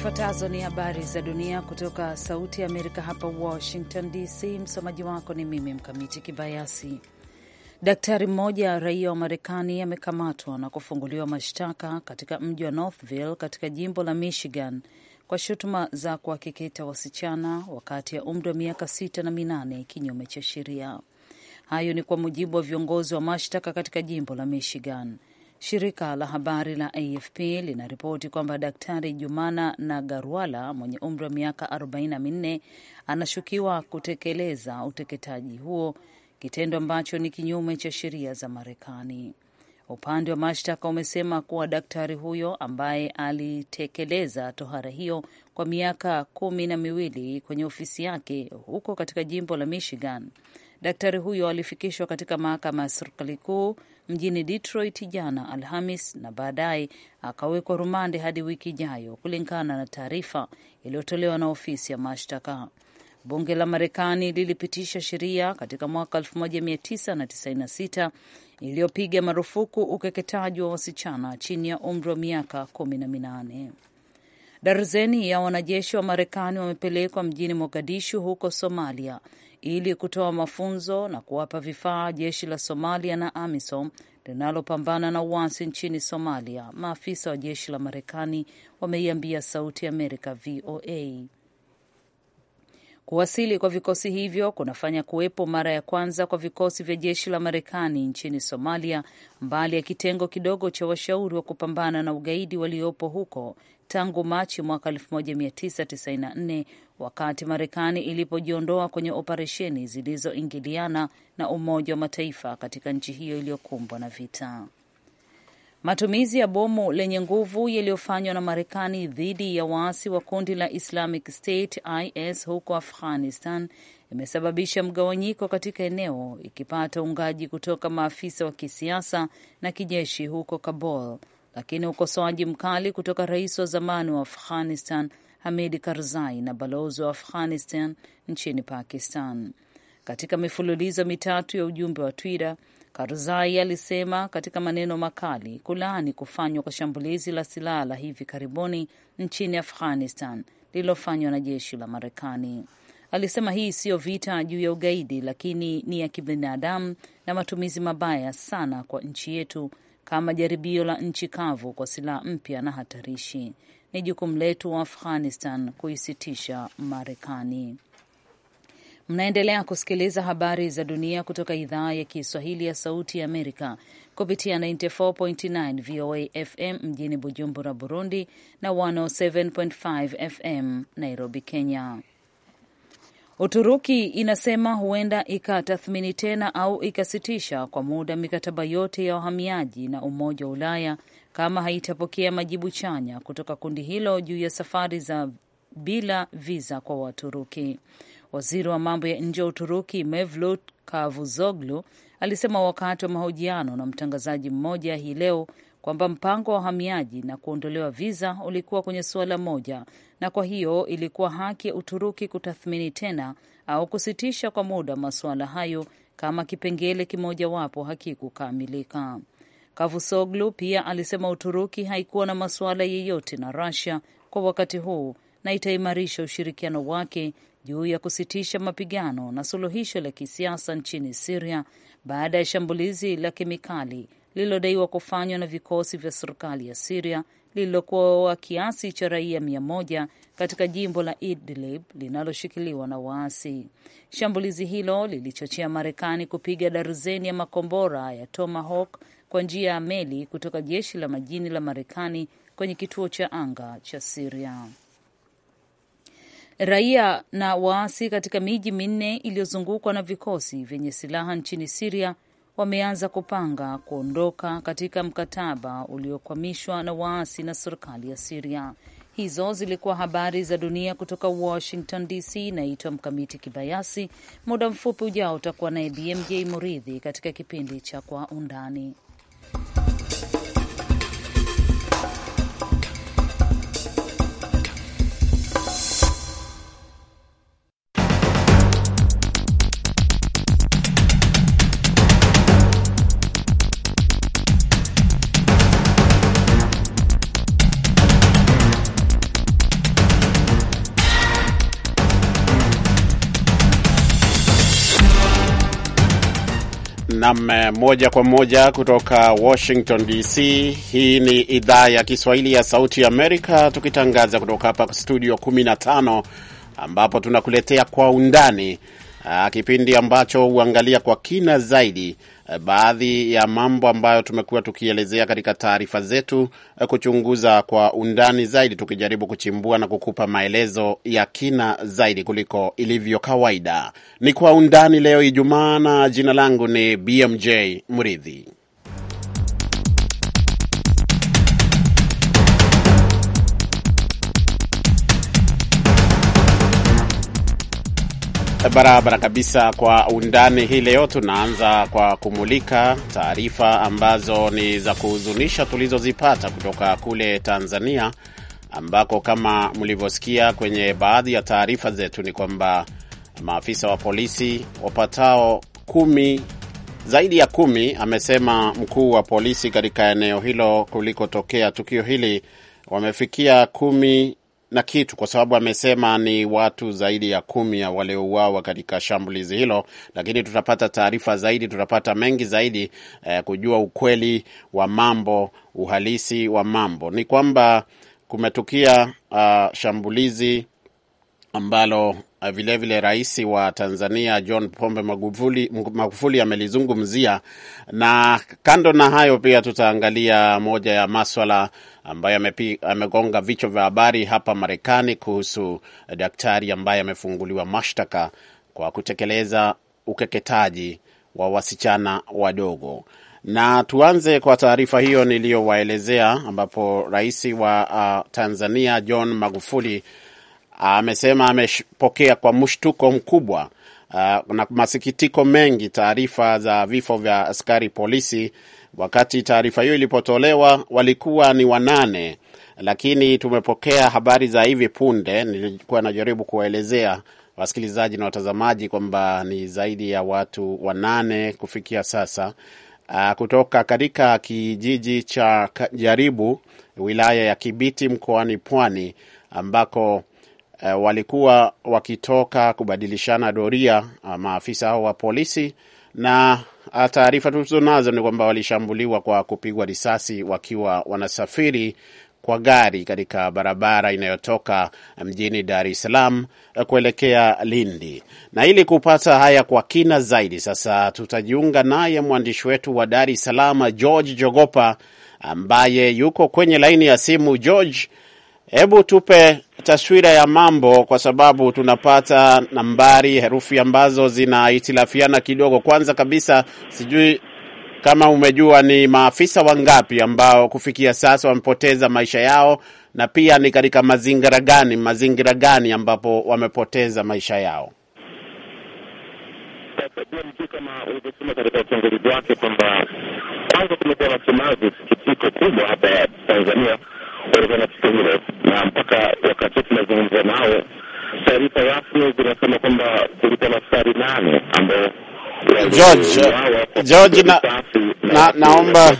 Zifuatazo ni habari za dunia kutoka Sauti ya Amerika hapa Washington DC. Msomaji wako ni mimi Mkamiti Kibayasi. Daktari mmoja raia wa Marekani amekamatwa na kufunguliwa mashtaka katika mji wa Northville katika jimbo la Michigan kwa shutuma za kuwakeketa wasichana wakati ya umri wa miaka sita na minane kinyume cha sheria. Hayo ni kwa mujibu wa viongozi wa mashtaka katika jimbo la Michigan. Shirika la habari la AFP linaripoti kwamba Daktari Jumana Nagarwala mwenye umri wa miaka 44 anashukiwa kutekeleza uteketaji huo, kitendo ambacho ni kinyume cha sheria za Marekani. Upande wa mashtaka umesema kuwa daktari huyo ambaye alitekeleza tohara hiyo kwa miaka kumi na miwili kwenye ofisi yake huko katika jimbo la Michigan, daktari huyo alifikishwa katika mahakama ya serikali kuu mjini Detroit jana Alhamis na baadaye akawekwa rumande hadi wiki ijayo, kulingana na taarifa iliyotolewa na ofisi ya mashtaka. Bunge la Marekani lilipitisha sheria katika mwaka 1996 iliyopiga marufuku ukeketaji wa wasichana chini ya umri wa miaka kumi na minane. Darzeni ya wanajeshi wa Marekani wamepelekwa mjini Mogadishu huko Somalia ili kutoa mafunzo na kuwapa vifaa jeshi la Somalia na AMISOM linalopambana na uasi nchini Somalia, maafisa wa jeshi la Marekani wameiambia Sauti Amerika VOA. Kuwasili kwa vikosi hivyo kunafanya kuwepo mara ya kwanza kwa vikosi vya jeshi la Marekani nchini Somalia, mbali ya kitengo kidogo cha washauri wa kupambana na ugaidi waliopo huko tangu Machi mwaka 1994 wakati Marekani ilipojiondoa kwenye operesheni zilizoingiliana na Umoja wa Mataifa katika nchi hiyo iliyokumbwa na vita. Matumizi ya bomu lenye nguvu yaliyofanywa na Marekani dhidi ya waasi wa kundi la Islamic State IS huko Afghanistan imesababisha mgawanyiko katika eneo, ikipata uungaji kutoka maafisa wa kisiasa na kijeshi huko Kabul, lakini ukosoaji mkali kutoka rais wa zamani wa Afghanistan Hamid Karzai na balozi wa Afghanistan nchini Pakistan. Katika mifululizo mitatu ya ujumbe wa Twitter, Karzai alisema katika maneno makali kulaani kufanywa kwa shambulizi la silaha la hivi karibuni nchini Afghanistan lililofanywa na jeshi la Marekani. Alisema hii siyo vita juu ya ugaidi, lakini ni ya kibinadamu na matumizi mabaya sana kwa nchi yetu, kama jaribio la nchi kavu kwa silaha mpya na hatarishi. Ni jukumu letu wa Afghanistan kuisitisha Marekani. Mnaendelea kusikiliza habari za dunia kutoka idhaa ya Kiswahili ya Sauti ya Amerika kupitia 94.9 VOA FM mjini Bujumbura, Burundi na 107.5 FM Nairobi, Kenya. Uturuki inasema huenda ikatathmini tena au ikasitisha kwa muda mikataba yote ya wahamiaji na Umoja wa Ulaya kama haitapokea majibu chanya kutoka kundi hilo juu ya safari za bila viza kwa Waturuki. Waziri wa mambo ya nje wa Uturuki Mevlut Kavuzoglu alisema wakati wa mahojiano na mtangazaji mmoja hii leo kwamba mpango wa wahamiaji na kuondolewa viza ulikuwa kwenye suala moja, na kwa hiyo ilikuwa haki ya Uturuki kutathmini tena au kusitisha kwa muda masuala hayo kama kipengele kimojawapo hakikukamilika. Kavusoglu pia alisema Uturuki haikuwa na masuala yeyote na Russia kwa wakati huu na itaimarisha ushirikiano wake juu ya kusitisha mapigano na suluhisho la kisiasa nchini Siria baada ya shambulizi la kemikali lililodaiwa kufanywa na vikosi vya serikali ya Siria lililokuwa kiasi cha raia mia moja katika jimbo la Idlib linaloshikiliwa na waasi. Shambulizi hilo lilichochea Marekani kupiga darzeni ya makombora ya Tomahawk kwa njia ya meli kutoka jeshi la majini la Marekani kwenye kituo cha anga cha Siria. Raia na waasi katika miji minne iliyozungukwa na vikosi vyenye silaha nchini Siria wameanza kupanga kuondoka katika mkataba uliokwamishwa na waasi na serikali ya Siria. Hizo zilikuwa habari za dunia kutoka Washington DC. Inaitwa Mkamiti Kibayasi. Muda mfupi ujao utakuwa naye BMJ Muridhi katika kipindi cha Kwa Undani. Nam eh, moja kwa moja kutoka Washington DC. Hii ni idhaa ya Kiswahili ya Sauti Amerika, tukitangaza kutoka hapa studio 15 ambapo tunakuletea kwa undani, ah, kipindi ambacho huangalia kwa kina zaidi Eh, baadhi ya mambo ambayo tumekuwa tukielezea katika taarifa zetu, eh, kuchunguza kwa undani zaidi, tukijaribu kuchimbua na kukupa maelezo ya kina zaidi kuliko ilivyo kawaida. Ni kwa undani leo Ijumaa, na jina langu ni BMJ Mridhi. Barabara kabisa. Kwa undani hii leo, tunaanza kwa kumulika taarifa ambazo ni za kuhuzunisha tulizozipata kutoka kule Tanzania, ambako kama mlivyosikia kwenye baadhi ya taarifa zetu ni kwamba maafisa wa polisi wapatao kumi, zaidi ya kumi, amesema mkuu wa polisi katika eneo hilo kulikotokea tukio hili, wamefikia kumi na kitu, kwa sababu amesema ni watu zaidi ya kumi ya waliouawa katika shambulizi hilo, lakini tutapata taarifa zaidi, tutapata mengi zaidi eh, kujua ukweli wa mambo, uhalisi wa mambo. Ni kwamba kumetukia uh, shambulizi ambalo vilevile eh, vile rais wa Tanzania John Pombe Magufuli, Magufuli amelizungumzia. Na kando na hayo, pia tutaangalia moja ya maswala ambayo amegonga vichwa vya habari hapa Marekani kuhusu daktari ambaye amefunguliwa mashtaka kwa kutekeleza ukeketaji wa wasichana wadogo. Na tuanze kwa taarifa hiyo niliyowaelezea, ambapo rais wa uh, Tanzania John Magufuli amesema amepokea kwa mshtuko mkubwa uh, na masikitiko mengi taarifa za vifo vya askari polisi. Wakati taarifa hiyo ilipotolewa walikuwa ni wanane, lakini tumepokea habari za hivi punde, nilikuwa najaribu kuwaelezea wasikilizaji na watazamaji kwamba ni zaidi ya watu wanane kufikia sasa uh, kutoka katika kijiji cha Jaribu wilaya ya Kibiti mkoani Pwani ambako uh, walikuwa wakitoka kubadilishana doria uh, maafisa hao wa polisi, na ah, taarifa tulizonazo ni kwamba walishambuliwa kwa kupigwa risasi wakiwa wanasafiri kwa gari katika barabara inayotoka eh, mjini Dar es Salaam kuelekea Lindi. Na ili kupata haya kwa kina zaidi, sasa tutajiunga naye mwandishi wetu wa Dar es Salaam George Jogopa ambaye yuko kwenye laini ya simu. George, hebu tupe taswira ya mambo, kwa sababu tunapata nambari, herufi ambazo zinahitilafiana kidogo. Kwanza kabisa, sijui kama umejua ni maafisa wangapi ambao kufikia sasa wamepoteza maisha yao, na pia ni katika mazingira gani, mazingira gani ambapo wamepoteza maisha yao? Kama ulivyosema katika uchanguzi wake kwamba kwanza tumekuwa na simazi sikitiko kubwa hapa Tanzania walikuwa na tukio na mpaka wakati tunazungumza nao, taarifa rasmi zinasema kwamba kulikuwa na askari nane ambao George na, na, naomba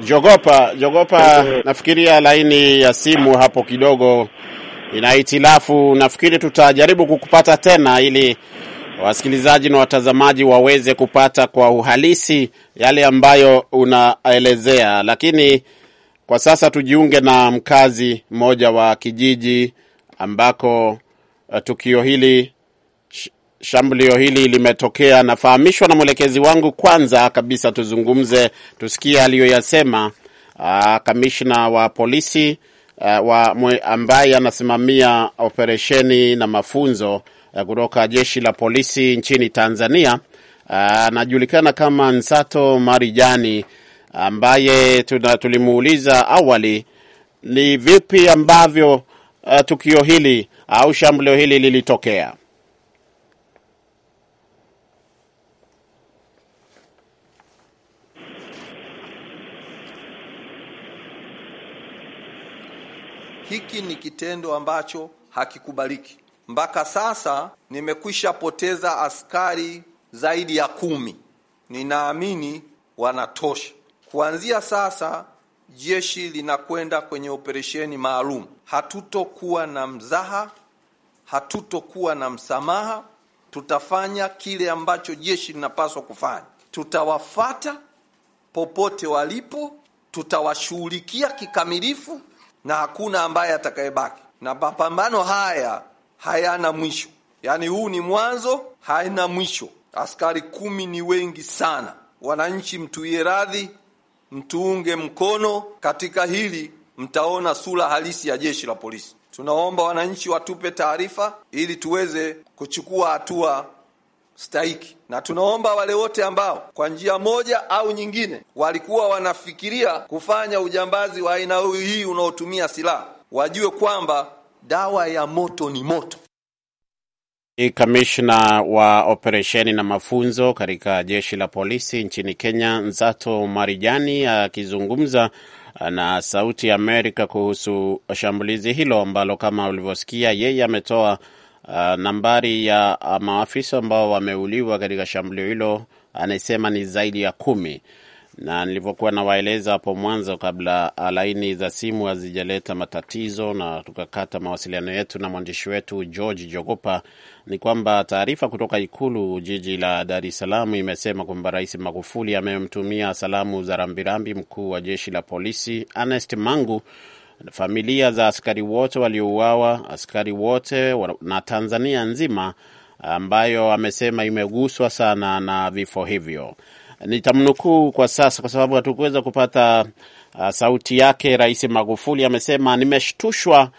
jogopa jogopa, nafikiria laini ya simu hapo kidogo ina hitilafu. Nafikiri tutajaribu kukupata tena ili wasikilizaji na watazamaji waweze kupata kwa uhalisi yale ambayo unaelezea. Lakini kwa sasa tujiunge na mkazi mmoja wa kijiji ambako eh, tukio hili shambulio hili limetokea. Nafahamishwa na mwelekezi wangu. Kwanza kabisa tuzungumze, tusikie aliyoyasema ah, kamishna wa polisi aa, ah, wa ambaye anasimamia operesheni na mafunzo Eh, kutoka jeshi la polisi nchini Tanzania eh, anajulikana kama Nsato Marijani ambaye tulimuuliza awali ni vipi ambavyo uh, tukio hili au shambulio hili lilitokea. Hiki ni kitendo ambacho hakikubaliki mpaka sasa nimekwisha poteza askari zaidi ya kumi, ninaamini wanatosha. Kuanzia sasa jeshi linakwenda kwenye operesheni maalum. Hatutokuwa na mzaha, hatutokuwa na msamaha. Tutafanya kile ambacho jeshi linapaswa kufanya. Tutawafata popote walipo, tutawashughulikia kikamilifu na hakuna ambaye atakayebaki, na mapambano haya hayana mwisho. Yaani huu ni mwanzo, haina mwisho. Askari kumi ni wengi sana. Wananchi, mtuie radhi, mtuunge mkono katika hili, mtaona sura halisi ya jeshi la polisi. Tunaomba wananchi watupe taarifa ili tuweze kuchukua hatua stahiki, na tunaomba wale wote ambao kwa njia moja au nyingine walikuwa wanafikiria kufanya ujambazi wa aina hii unaotumia silaha wajue kwamba dawa ya moto ni moto. Kamishna wa operesheni na mafunzo katika jeshi la polisi nchini Kenya, Nzato Marijani, akizungumza na Sauti ya Amerika kuhusu shambulizi hilo ambalo kama ulivyosikia, yeye ametoa uh, nambari ya uh, maafisa ambao wameuliwa katika shambulio hilo, anasema ni zaidi ya kumi na nilivyokuwa nawaeleza hapo mwanzo, kabla ah, laini za simu hazijaleta matatizo na tukakata mawasiliano yetu na mwandishi wetu George Jogopa, ni kwamba taarifa kutoka ikulu jiji la Dar es Salaam imesema kwamba Rais Magufuli amemtumia salamu za rambirambi mkuu wa jeshi la polisi Ernest Mangu, familia za askari wote waliouawa, askari wote na Tanzania nzima, ambayo amesema imeguswa sana na vifo hivyo nitamnukuu kwa sasa kwa sababu hatukuweza kupata uh, sauti yake. Rais Magufuli amesema, nimeshtushwa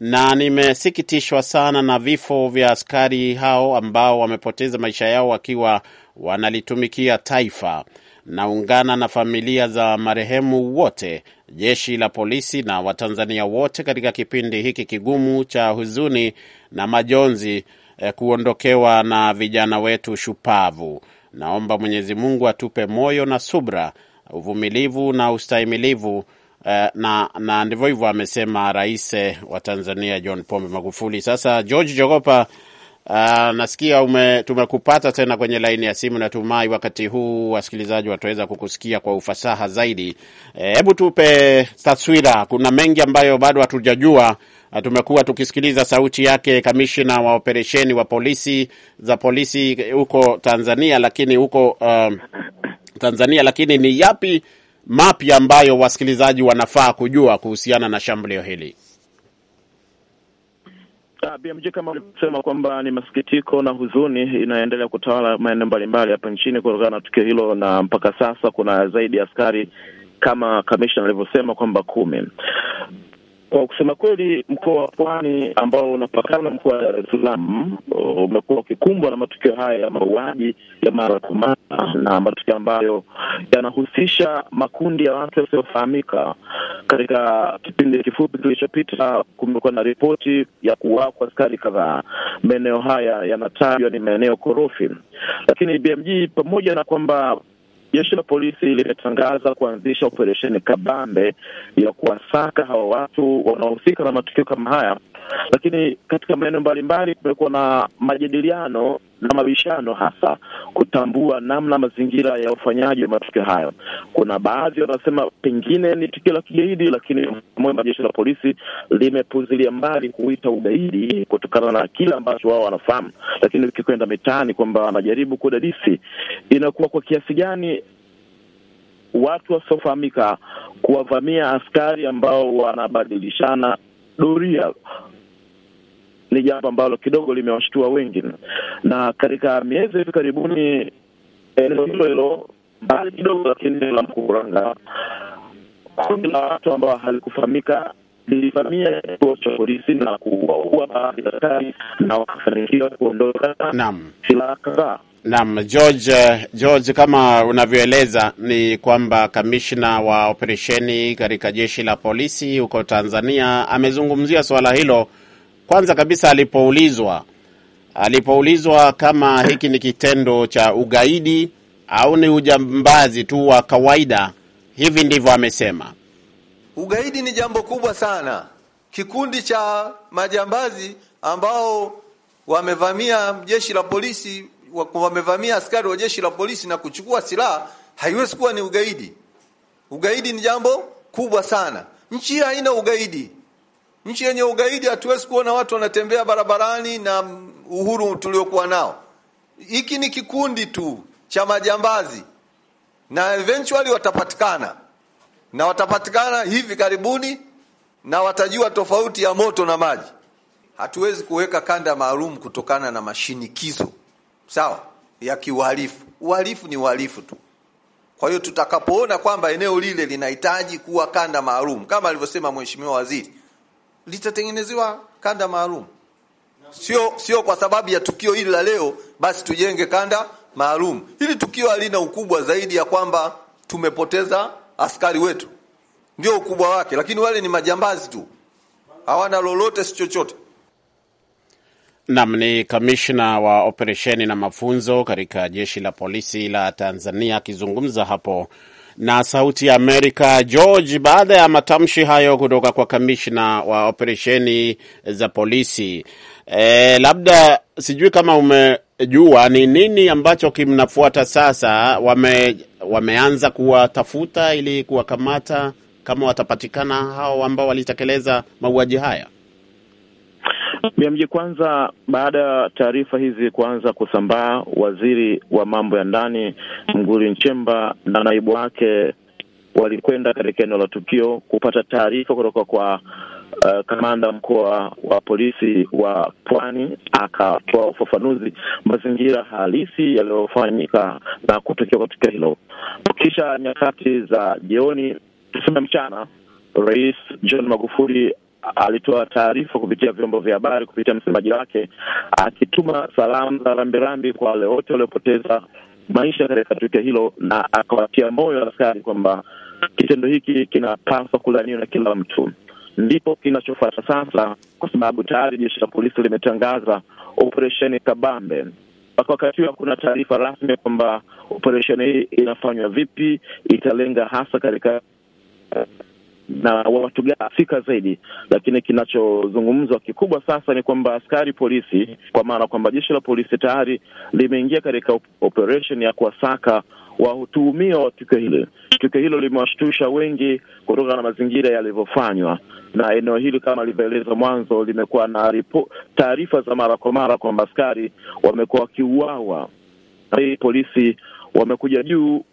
na nimesikitishwa sana na vifo vya askari hao ambao wamepoteza maisha yao wakiwa wanalitumikia taifa. Naungana na familia za marehemu wote, jeshi la polisi na Watanzania wote katika kipindi hiki kigumu cha huzuni na majonzi, eh, kuondokewa na vijana wetu shupavu. Naomba Mwenyezi Mungu atupe moyo na subra, uvumilivu na ustahimilivu eh, na, na ndivyo hivyo amesema rais wa Tanzania John Pombe Magufuli. Sasa George Jogopa Uh, nasikia ume, tumekupata tena kwenye laini ya simu. Natumai wakati huu wasikilizaji wataweza kukusikia kwa ufasaha zaidi. Eh, hebu tupe taswira. Kuna mengi ambayo bado hatujajua. Ah, tumekuwa tukisikiliza sauti yake kamishna wa operesheni wa polisi za polisi huko Tanzania, lakini huko uh, Tanzania, lakini ni yapi mapya ambayo wasikilizaji wanafaa kujua kuhusiana na shambulio hili? Ah, BMJ, kama ulivyosema kwamba ni masikitiko na huzuni inaendelea kutawala maeneo mbalimbali hapa nchini kutokana na tukio hilo, na mpaka sasa kuna zaidi ya askari kama kamishna alivyosema kwamba kumi. Kwa kusema kweli, mkoa wa Pwani ambao unapakana mkoa wa Dar es Salaam umekuwa ukikumbwa na matukio haya ya mauaji ya mara kwa mara, na matukio ambayo yanahusisha makundi ya watu yasiyofahamika Katika kipindi kifupi kilichopita, kumekuwa na ripoti ya kuwaa kwa askari kadhaa. Maeneo haya yanatajwa ni maeneo korofi, lakini BMG pamoja na kwamba Jeshi la polisi limetangaza kuanzisha operesheni kabambe ya kuwasaka hawa watu wanaohusika na matukio kama haya lakini katika maeneo mbalimbali kumekuwa na majadiliano na mabishano, hasa kutambua namna mazingira ya ufanyaji wa matukio hayo. Kuna baadhi wanasema pengine ni tukio la kigaidi, lakini moja wa jeshi la polisi limepuzilia mbali kuita ugaidi kutokana na kile ambacho wao wanafahamu. Lakini ukikwenda mitaani kwamba wanajaribu kudadisi, inakuwa kwa kiasi gani watu wasiofahamika kuwavamia askari ambao wanabadilishana doria ni jambo ambalo kidogo limewashtua wengi, na katika miezi hivi karibuni eneo hilo hilo mbali kidogo, lakini la Mkuranga, kundi la watu ambao halikufahamika ilivamia kituo cha polisi na kuwaua baadhi ya askari na wakafanikiwa kuondoka silaha kadhaa. Naam, George, George, kama unavyoeleza ni kwamba kamishna wa operesheni katika jeshi la polisi huko Tanzania amezungumzia suala hilo. Kwanza kabisa alipoulizwa alipoulizwa kama hiki ni kitendo cha ugaidi au ni ujambazi tu wa kawaida, hivi ndivyo amesema: Ugaidi ni jambo kubwa sana. Kikundi cha majambazi ambao wamevamia jeshi la polisi, wamevamia askari wa jeshi la polisi na kuchukua silaha, haiwezi kuwa ni ugaidi. Ugaidi ni jambo kubwa sana. Nchi haina ugaidi. Nchi yenye ugaidi hatuwezi kuona watu wanatembea barabarani na uhuru tuliokuwa nao. Hiki ni kikundi tu cha majambazi na eventually watapatikana na watapatikana hivi karibuni na watajua tofauti ya moto na maji. Hatuwezi kuweka kanda maalum kutokana na mashinikizo sawa ya kiuhalifu. Uhalifu ni uhalifu tu. Kwa hiyo tutakapoona kwamba eneo lile linahitaji kuwa kanda maalum kama alivyosema mheshimiwa waziri, litatengenezewa kanda maalum, sio sio kwa sababu ya tukio hili la leo basi tujenge kanda maalum. Hili tukio halina ukubwa zaidi ya kwamba tumepoteza askari wetu, ndio ukubwa wake, lakini wale ni majambazi tu, hawana lolote, si chochote. Nam ni kamishna wa operesheni na mafunzo katika jeshi la polisi la Tanzania akizungumza hapo na Sauti ya Amerika George. Baada ya matamshi hayo kutoka kwa kamishna wa operesheni za polisi, e, labda sijui kama ume jua ni nini ambacho kimnafuata sasa. Wame, wameanza kuwatafuta ili kuwakamata kama watapatikana hao ambao walitekeleza mauaji haya. Mji kwanza, baada ya taarifa hizi kuanza kusambaa, waziri wa mambo ya ndani Mguri Nchemba na naibu wake walikwenda katika eneo la tukio kupata taarifa kutoka kwa uh, kamanda mkoa wa polisi wa Pwani akatoa ufafanuzi mazingira halisi yaliyofanyika na kutokea kwa tukio hilo. Kisha nyakati za jioni, tuseme mchana, Rais John Magufuli alitoa taarifa kupitia vyombo vya habari kupitia msemaji wake akituma salamu za rambirambi kwa wale wote waliopoteza maisha katika tukio hilo, na akawatia moyo askari kwamba kitendo hiki kinapaswa kulaniwa na kila mtu ndipo kinachofuata sasa, kwa sababu tayari jeshi la polisi limetangaza operesheni kabambe. Mpaka wakati huo hakuna taarifa rasmi kwamba operesheni hii inafanywa vipi, italenga hasa katika na watu fika zaidi, lakini kinachozungumzwa kikubwa sasa ni kwamba askari polisi, kwa maana kwamba jeshi la polisi tayari limeingia katika operesheni ya kuwasaka watuhumiwa wa tukio hili. Tukio hilo limewashtusha wengi kutokana na mazingira yalivyofanywa, na eneo hili kama alivyoeleza mwanzo, limekuwa na taarifa za mara kwa mara kwamba askari wamekuwa wakiuawa. Hii polisi wamekuja juu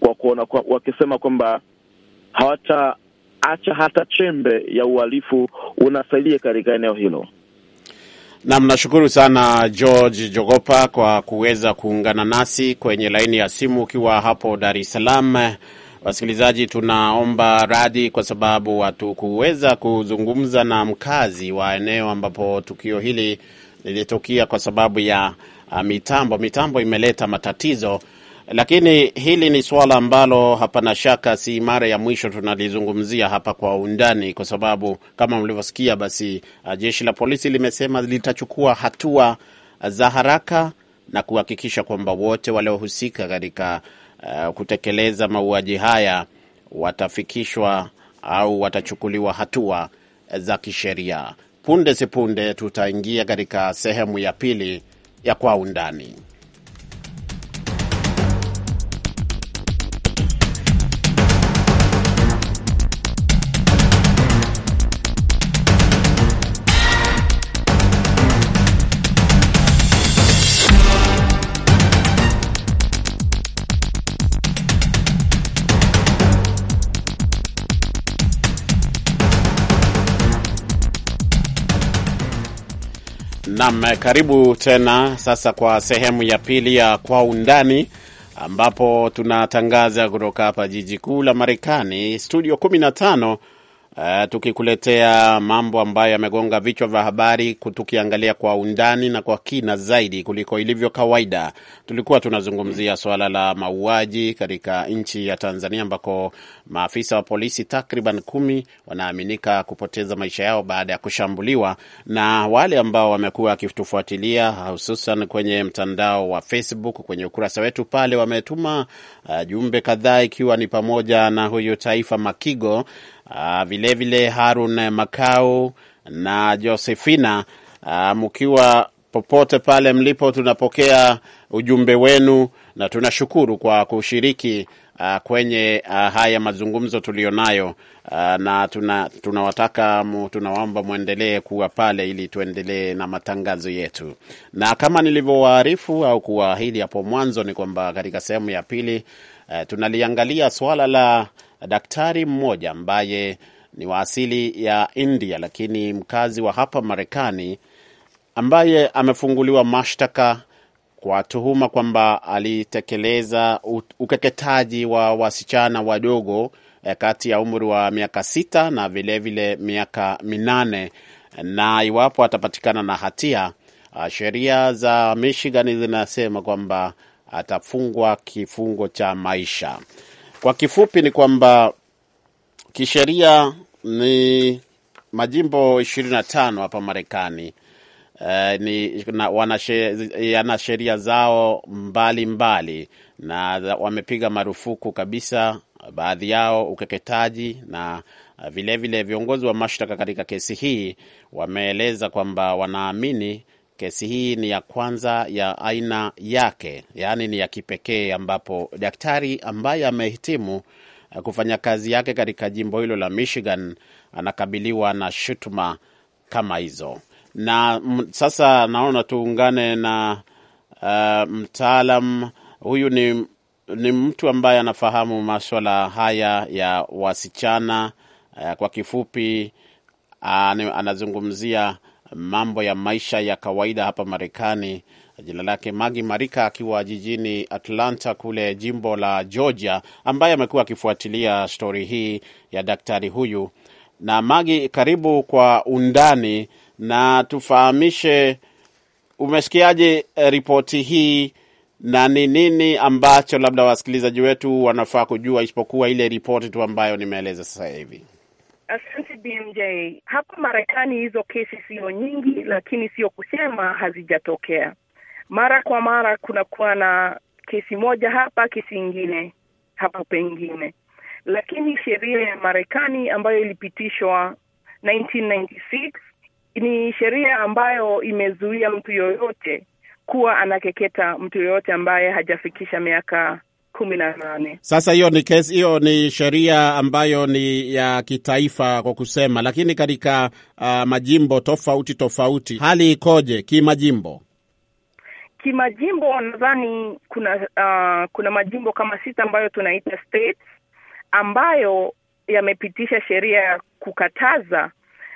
kwa kuona kwa, wakisema kwamba hawataacha hata chembe ya uhalifu unasalia katika eneo hilo. Nam, nashukuru sana George Jogopa kwa kuweza kuungana nasi kwenye laini ya simu ukiwa hapo Dar es Salaam. Wasikilizaji, tunaomba radhi kwa sababu hatukuweza kuzungumza na mkazi wa eneo ambapo tukio hili lilitokea kwa sababu ya mitambo. Mitambo imeleta matatizo lakini hili ni suala ambalo hapana shaka si mara ya mwisho tunalizungumzia hapa kwa undani, kwa sababu kama mlivyosikia, basi uh, jeshi la polisi limesema litachukua hatua uh, za haraka na kuhakikisha kwamba wote waliohusika katika uh, kutekeleza mauaji haya watafikishwa au watachukuliwa hatua uh, za kisheria. Punde si punde tutaingia katika sehemu ya pili ya kwa undani. Naam, eh, karibu tena sasa kwa sehemu ya pili ya Kwa Undani, ambapo tunatangaza kutoka hapa jiji kuu la Marekani, studio 15 Uh, tukikuletea mambo ambayo yamegonga vichwa vya habari, tukiangalia kwa undani na kwa kina zaidi kuliko ilivyo kawaida. Tulikuwa tunazungumzia suala la mauaji katika nchi ya Tanzania ambako maafisa wa polisi takriban kumi wanaaminika kupoteza maisha yao baada ya kushambuliwa, na wale ambao wamekuwa wakitufuatilia hususan kwenye mtandao wa Facebook, kwenye ukurasa wetu pale, wametuma uh, jumbe kadhaa, ikiwa ni pamoja na huyu Taifa Makigo uh, ah, vilevile Harun Makau na Josefina uh, mkiwa popote pale mlipo, tunapokea ujumbe wenu na tunashukuru kwa kushiriki uh, kwenye uh, haya mazungumzo tulionayo uh, na tunawataka mu, tunawaomba mwendelee kuwa pale ili tuendelee na matangazo yetu, na kama nilivyowaarifu au kuwaahidi hapo mwanzo ni kwamba katika sehemu ya pili uh, tunaliangalia swala la daktari mmoja ambaye ni wa asili ya India lakini mkazi wa hapa Marekani ambaye amefunguliwa mashtaka kwa tuhuma kwamba alitekeleza ukeketaji wa wasichana wadogo eh, kati ya umri wa miaka sita na vilevile vile miaka minane, na iwapo atapatikana na hatia, ah, sheria za Michigan zinasema kwamba atafungwa kifungo cha maisha. Kwa kifupi ni kwamba kisheria ni majimbo 25 hapa Marekani Uh, ni, yana sheria zao mbalimbali mbali, na wamepiga marufuku kabisa baadhi yao ukeketaji, na vilevile vile viongozi wa mashtaka katika kesi hii wameeleza kwamba wanaamini Kesi hii ni ya kwanza ya aina yake, yaani ni ya kipekee, ambapo daktari ambaye amehitimu eh, kufanya kazi yake katika jimbo hilo la Michigan anakabiliwa na shutuma kama hizo. Na sasa naona tuungane na uh, mtaalam huyu. Ni, ni mtu ambaye anafahamu maswala haya ya wasichana uh, kwa kifupi uh, anazungumzia mambo ya maisha ya kawaida hapa Marekani. Jina lake Magi Marika akiwa jijini Atlanta kule jimbo la Georgia, ambaye amekuwa akifuatilia stori hii ya daktari huyu. Na Magi, karibu kwa undani na tufahamishe, umesikiaje eh, ripoti hii na ni nini ambacho labda wasikilizaji wetu wanafaa kujua, isipokuwa ile ripoti tu ambayo nimeeleza sasa hivi? Asante BMJ. Hapa Marekani hizo kesi sio nyingi, lakini sio kusema hazijatokea. Mara kwa mara kunakuwa na kesi moja hapa, kesi ingine hapo pengine, lakini sheria ya Marekani ambayo ilipitishwa 1996 ni sheria ambayo imezuia mtu yoyote kuwa anakeketa mtu yoyote ambaye hajafikisha miaka kumi na nane. Sasa hiyo ni kesi, hiyo ni sheria ambayo ni ya kitaifa kwa kusema, lakini katika uh, majimbo tofauti tofauti hali ikoje kimajimbo? Kimajimbo nadhani kuna uh, kuna majimbo kama sita ambayo tunaita states ambayo yamepitisha sheria ya kukataza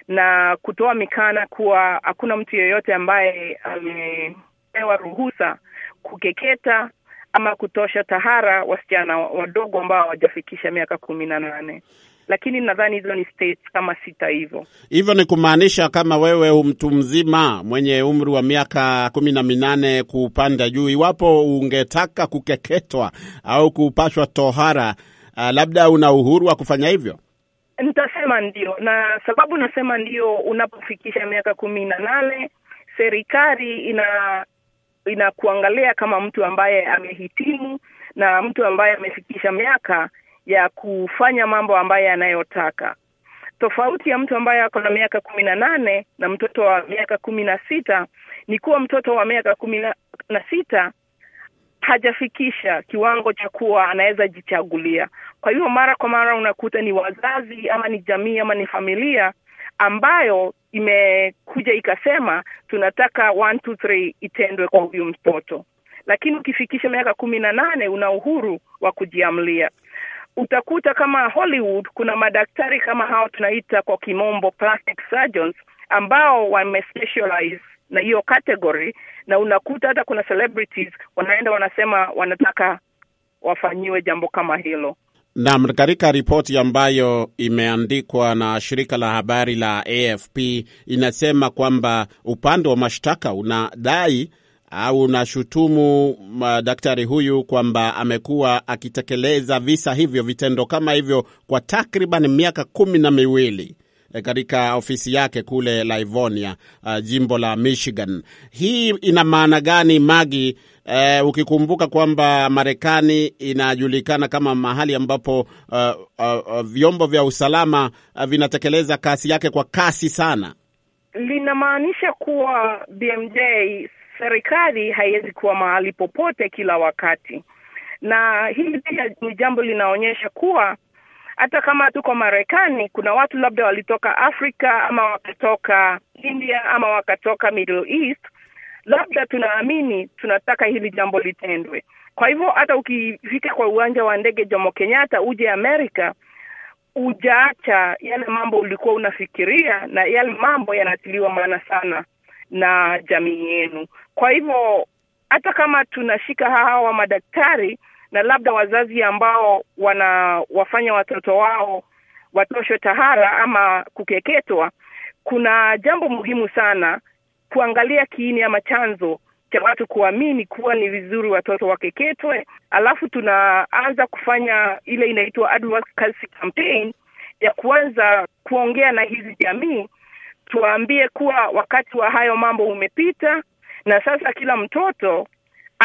na kutoa mikana kuwa hakuna mtu yeyote ambaye amepewa ruhusa kukeketa ama kutosha tahara wasichana wadogo ambao hawajafikisha miaka kumi na nane lakini nadhani hizo ni states kama sita hivyo. Hivyo ni kumaanisha kama wewe mtu mzima mwenye umri wa miaka kumi na minane kupanda juu, iwapo ungetaka kukeketwa au kupashwa tohara, uh, labda una uhuru wa kufanya hivyo? Nitasema ndio, na sababu nasema ndio, unapofikisha miaka kumi na nane serikali ina inakuangalia kama mtu ambaye amehitimu na mtu ambaye amefikisha miaka ya kufanya mambo ambaye anayotaka tofauti ya mtu ambaye ako na miaka kumi na nane na mtoto wa miaka kumi na sita ni kuwa mtoto wa miaka kumi na sita hajafikisha kiwango cha kuwa anaweza jichagulia. Kwa hiyo mara kwa mara unakuta ni wazazi ama ni jamii ama ni familia ambayo imekuja ikasema tunataka one, two, three itendwe kwa huyu mtoto, lakini ukifikisha miaka kumi na nane una uhuru wa kujiamlia. Utakuta kama Hollywood kuna madaktari kama hao tunaita kwa kimombo plastic surgeons ambao wamespecialize na hiyo category, na unakuta hata kuna celebrities wanaenda wanasema wanataka wafanyiwe jambo kama hilo. Naam, katika ripoti ambayo imeandikwa na shirika la habari la AFP inasema kwamba upande wa mashtaka unadai au unashutumu daktari huyu kwamba amekuwa akitekeleza visa hivyo vitendo kama hivyo kwa takriban miaka kumi na miwili. Eh, katika ofisi yake kule Livonia, uh, eh, jimbo la Michigan. Hii ina maana gani Magi? Uh, eh, ukikumbuka kwamba Marekani inajulikana kama mahali ambapo uh, uh, uh, vyombo vya usalama uh, vinatekeleza kasi yake kwa kasi sana. Linamaanisha kuwa BMJ, serikali haiwezi kuwa mahali popote kila wakati, na hili pia ni jambo linaonyesha kuwa hata kama tuko Marekani, kuna watu labda walitoka Afrika ama wakatoka India ama wakatoka Middle East, labda tunaamini tunataka hili jambo litendwe. Kwa hivyo hata ukifika kwa uwanja wa ndege Jomo Kenyatta uje Amerika, ujaacha yale mambo ulikuwa unafikiria, na yale mambo yanatiliwa maana sana na jamii yenu. Kwa hivyo hata kama tunashika hawa madaktari na labda wazazi ambao wanawafanya watoto wao watoshwe tahara ama kukeketwa, kuna jambo muhimu sana kuangalia kiini ama chanzo cha watu kuamini kuwa ni vizuri watoto wakeketwe. Alafu tunaanza kufanya ile inaitwa advocacy campaign ya kuanza kuongea na hizi jamii, tuwaambie kuwa wakati wa hayo mambo umepita na sasa kila mtoto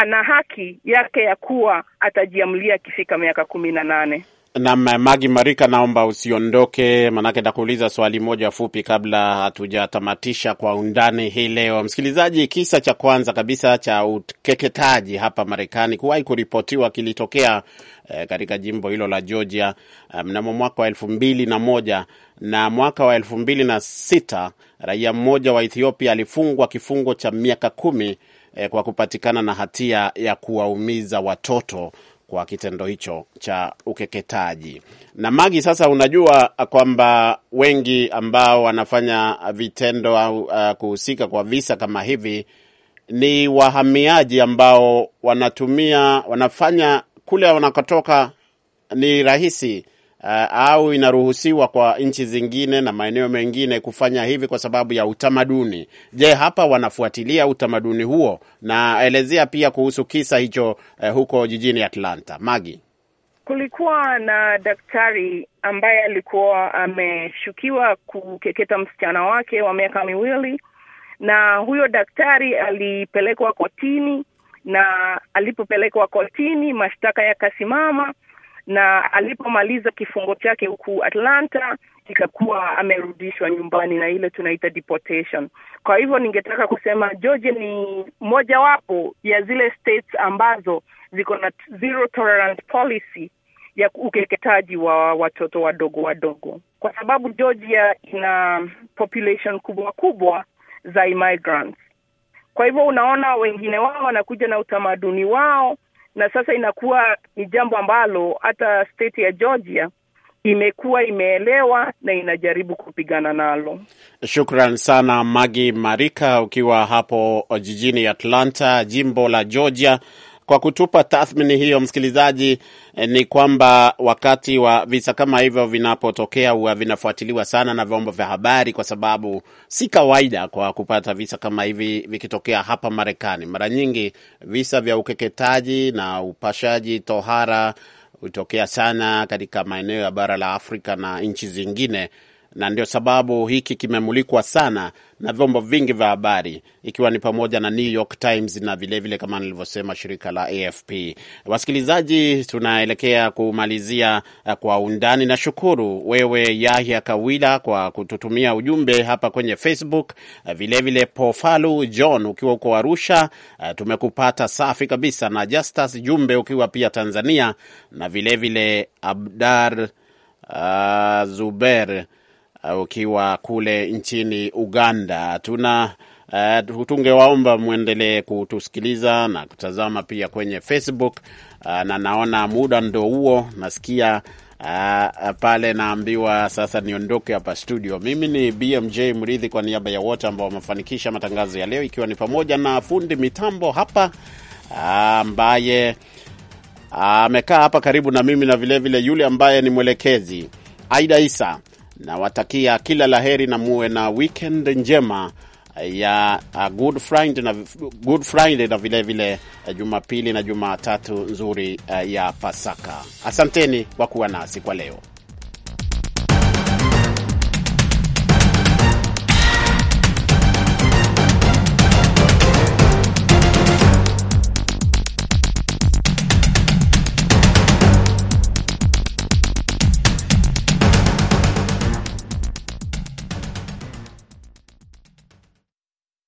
ana haki yake ya kuwa atajiamlia akifika miaka kumi na nane. Nam Magi Marika, naomba usiondoke, manake takuuliza swali moja fupi kabla hatujatamatisha kwa undani hii leo. Msikilizaji, kisa cha kwanza kabisa cha ukeketaji hapa Marekani kuwahi kuripotiwa kilitokea eh, katika jimbo hilo la Georgia eh, mnamo um, mwaka wa elfu mbili na moja na mwaka wa elfu mbili na sita raia mmoja wa Ethiopia alifungwa kifungo cha miaka kumi eh, kwa kupatikana na hatia ya kuwaumiza watoto kwa kitendo hicho cha ukeketaji. Na Magi, sasa unajua kwamba wengi ambao wanafanya vitendo au uh, kuhusika kwa visa kama hivi ni wahamiaji ambao wanatumia wanafanya kule wanakotoka ni rahisi uh, au inaruhusiwa kwa nchi zingine na maeneo mengine kufanya hivi kwa sababu ya utamaduni. Je, hapa wanafuatilia utamaduni huo? Na elezea pia kuhusu kisa hicho uh, huko jijini Atlanta. Magi, kulikuwa na daktari ambaye alikuwa ameshukiwa kukeketa msichana wake wa miaka miwili na huyo daktari alipelekwa kotini, na alipopelekwa kotini, mashtaka yakasimama na alipomaliza kifungo chake huku Atlanta ikakuwa amerudishwa nyumbani na ile tunaita deportation. Kwa hivyo ningetaka kusema Georgia ni mojawapo ya zile states ambazo ziko na zero tolerance policy ya ukeketaji wa watoto wadogo wadogo, kwa sababu Georgia ina population kubwa kubwa za immigrants. Kwa hivyo unaona wengine wao wanakuja na utamaduni wao na sasa inakuwa ni jambo ambalo hata state ya Georgia imekuwa imeelewa na inajaribu kupigana nalo. Shukran sana Magi Marika, ukiwa hapo jijini Atlanta, jimbo la Georgia kwa kutupa tathmini hiyo, msikilizaji, eh, ni kwamba wakati wa visa kama hivyo vinapotokea huwa vinafuatiliwa sana na vyombo vya habari, kwa sababu si kawaida kwa kupata visa kama hivi vikitokea hapa Marekani. Mara nyingi visa vya ukeketaji na upashaji tohara hutokea sana katika maeneo ya bara la Afrika na nchi zingine na ndio sababu hiki kimemulikwa sana na vyombo vingi vya habari ikiwa ni pamoja na New York Times na vilevile vile kama nilivyosema shirika la AFP. Wasikilizaji, tunaelekea kumalizia eh, kwa undani. Nashukuru wewe Yahya Kawila kwa kututumia ujumbe hapa kwenye Facebook, vilevile eh, Pofalu John ukiwa uko Arusha, eh, tumekupata safi kabisa, na Justus Jumbe ukiwa pia Tanzania, na vilevile vile Abdar uh, Zuber Eh, ukiwa kule nchini Uganda. Tuna uh, tungewaomba mwendelee kutusikiliza na kutazama pia kwenye Facebook. Uh, na naona muda ndo huo, nasikia uh, pale naambiwa sasa niondoke hapa studio. Mimi ni BMJ Mridhi kwa niaba ya wote ambao wamefanikisha matangazo ya leo, ikiwa ni pamoja na fundi mitambo hapa ambaye uh, amekaa uh, hapa karibu na mimi na vilevile vile yule ambaye ni mwelekezi Aida Isa Nawatakia kila laheri na muwe na weekend njema ya uh, Good Friday na Good Friday na vilevile uh, Jumapili na Jumatatu nzuri uh, ya Pasaka. Asanteni kwa kuwa nasi kwa leo.